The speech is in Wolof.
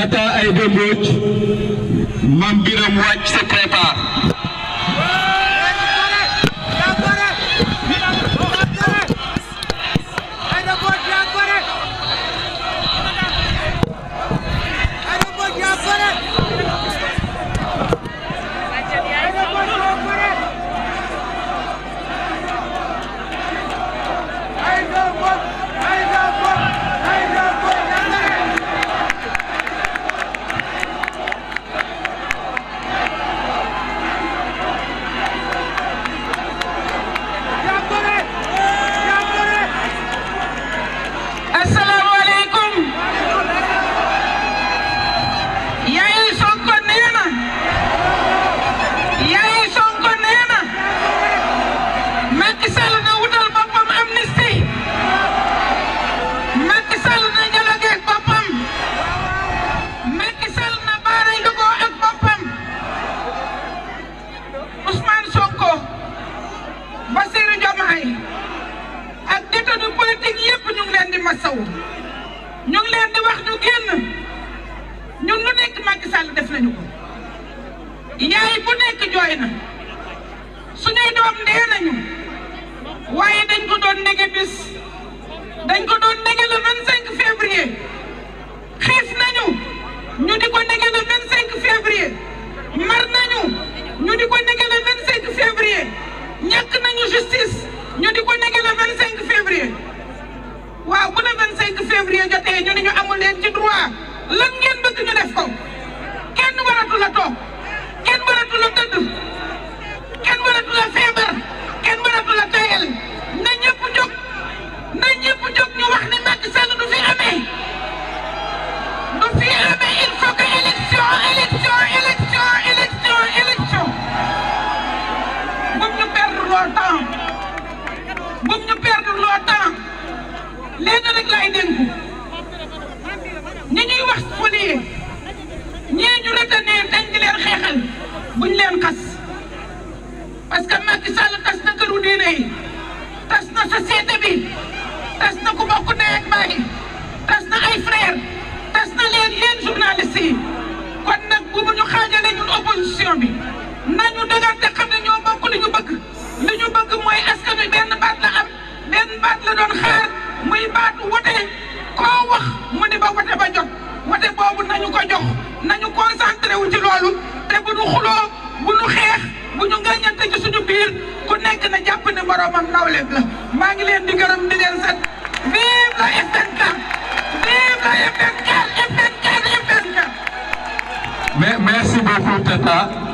Tata Aïda Mbodj Mame Biram wàcc sa prépa masawu ñu ngi leen di wax génn ñun lu nekk Macky Sall def nañu ko yaay bu nekk jooy na suñuy doom dee yi ñu ne ñu amul leen ci droit lan ngeen bëgg ñu def ko kenn waratu la toog kenn waratu la tëdd kenn waratu la feebar kenn waratu la tayal na ñëpp jóg na ñëpp jóg ñu wax ne Macky Sall du fi amee du fi amee il faut que élection élection élection élection élection buñ ñu perdre loo temps buñ ñu perdre loo temps léegi rek laay dénku ñi ñuy wax folie ñii ñu retenir dañ di xeexal buñ leen kas parce que Macky Sall na këru diine yi tas na société bi tas na ku bokk ndey ak baay tas na ay frère tas na leen yéen journalistes yi kon nag bu ñu xaajale ñun opposition bi nañu dëgante xam ne ñoo bokk li ñu bëgg li ñu bëgg mooy askan wi benn baat la am benn baat la doon xaar muy baat mu ni ba wote ba jot wote boobu nañu ko jox nañu concentré wu ci loolu te bu ñu xuloo bu ñu xeex bu ñu ngañante ci suñu biir ku nekk na jàpp ne moroomam nawleem maa ngi leen di gërëm di leen sant vive la FN4 vive la FN4 FN4 FN4 merci beaucoup Tata